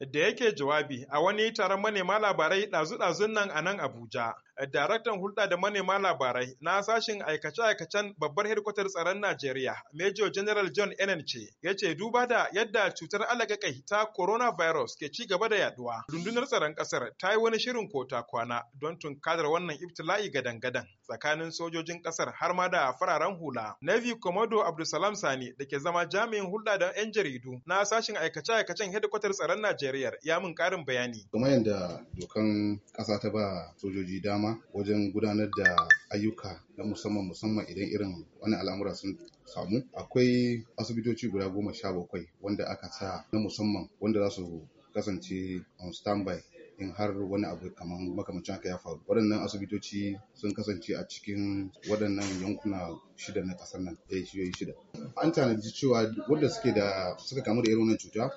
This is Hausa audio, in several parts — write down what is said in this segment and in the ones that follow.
Da yake jawabi a wani taron manema labarai ɗazu-ɗazun nan a nan Abuja, daraktan hulɗa da manema labarai na sashen aikace-aikacen babbar hedkwatar tsaron Najeriya, Major General John ce ya ce duba da yadda cutar alagakai ta coronavirus ke ci gaba da yaduwa, rundunar tsaron ƙasar ta yi wani shirin kota kwana don kadar wannan ibtila'i gadan-gadan tsakanin sojojin ƙasar har ma da fararen hula. Navy Commodore Abdulsalam Sani da ke zama jami'in hulɗa da 'yan jaridu na sashen aikace-aikacen hedkwatar tsaron Najeriya Najeriya ya mun karin bayani. Kuma yadda dokan ƙasa ta ba sojoji dama wajen gudanar da ayyuka na musamman musamman idan irin wani al'amura sun samu akwai asibitoci guda goma sha bakwai wanda aka sa na musamman wanda za su kasance on standby in har wani abu kamar makamancin haka ya faru waɗannan asibitoci sun kasance a cikin waɗannan yankuna shida na ƙasar nan ɗaya eh, shida an tanaji cewa wanda suke da suka kamu da irin wannan cuta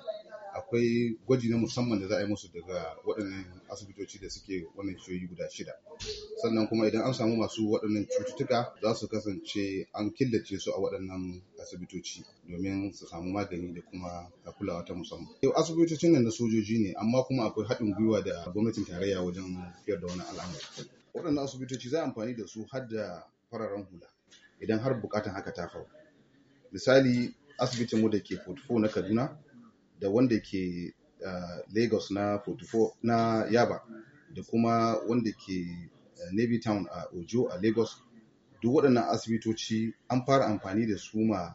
akwai gwaji na musamman da za a yi musu daga waɗannan asibitoci da suke wannan ciyoyi guda shida sannan kuma idan an samu masu waɗannan cututtuka za su kasance an killace su a waɗannan asibitoci domin su samu magani da kuma a kulawa ta musamman yau asibitocin nan na sojoji ne amma kuma akwai haɗin gwiwa da gwamnatin tarayya wajen fiyar da wannan al'amari waɗannan asibitoci za a amfani da su har da fararen hula idan har bukatan haka ta faru misali asibitinmu da ke 44 na kaduna da wanda ke uh, lagos na 44 na yaba da kuma wanda ke uh, navy town a uh, ojo a lagos duk waɗannan asibitoci an fara amfani da su ma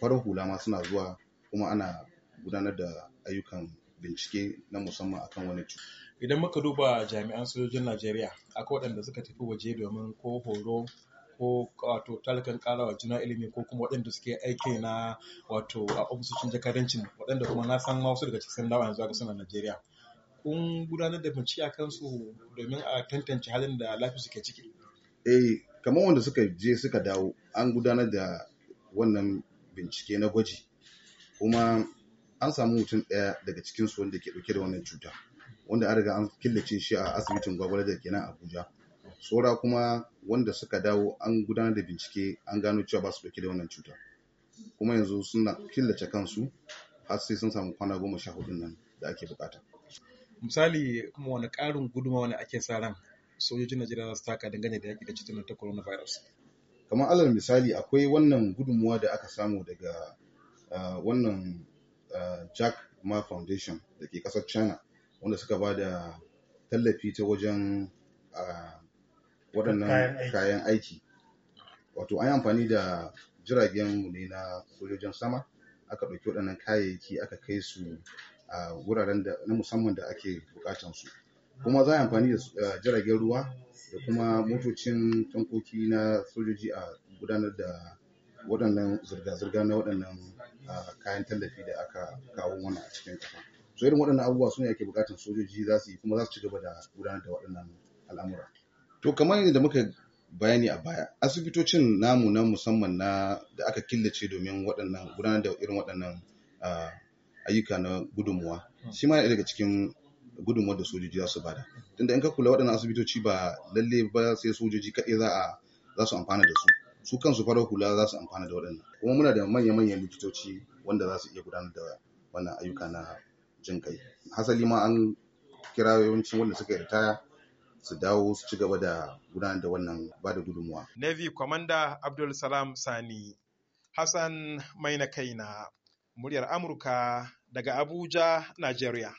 farar hula ma suna zuwa kuma ana gudanar da ayyukan bincike na musamman akan wani cuta idan muka duba jami'an sojojin najeriya akwai waɗanda suka tafi waje domin ko horo ko wato talakan karawa juna ilimi ko kuma waɗanda suke aiki na wato a ofisoshin jakadancin waɗanda kuma na san wasu daga cikin dawa yanzu ga suna Najeriya. Kun gudanar da bincike a kansu domin a tantance halin da lafi suke ciki. Eh, kamar wanda suka je suka dawo an gudanar da wannan bincike na gwaji kuma an samu mutum ɗaya daga cikinsu wanda ke ɗauke da wannan cuta wanda an riga an killace shi a asibitin da kenan Abuja. saura kuma wanda suka dawo an gudanar da bincike an gano cewa ba su dauke da wannan cuta kuma yanzu suna killace kansu har sai sun samu kwana goma sha hudu nan da ake bukata misali kuma wani karin guduma wani ake sa ran sojojin najeriya za su taka dangane da yaki da cutar ta coronavirus kamar alal misali akwai wannan gudunmuwa da aka samu daga uh, wannan uh, jack ma foundation da ke kasar china wanda suka ba da tallafi ta wajen uh, waɗannan kayan aiki wato an yi amfani da jiragen mu ne na sojojin sama aka ɗauki waɗannan kayayyaki aka kai su a wuraren da na musamman da ake buƙatan su kuma za a yi amfani da jiragen ruwa da kuma motocin tankoki na sojoji a gudanar da waɗannan zirga-zirga na waɗannan kayan tallafi da aka kawo mana a cikin ƙasa so irin waɗannan abubuwa su ne ake buƙatan sojoji za su yi kuma za su ci gaba da gudanar da waɗannan al'amura to kamar yadda muka bayani a baya asibitocin namu na musamman na da aka killace domin waɗannan gudanar da irin waɗannan ayyuka na gudunmuwa shi ma daga cikin gudunmuwar da sojoji za su bada tunda in ka kula waɗannan asibitoci ba lalle ba sai sojoji kaɗai za a za su amfana da su su kansu farar hula za su amfana da waɗannan kuma muna da manya-manyan likitoci wanda za su iya gudanar da wannan ayyuka na jin kai hasali ma an kira yawancin wanda suka yi ritaya su dawo su ci gaba da gudanar da wannan ba da gudunmuwa. Navy Commander Abdul Salam Sani Hassan Maina Kaina, muryar Amurka daga Abuja, Najeriya.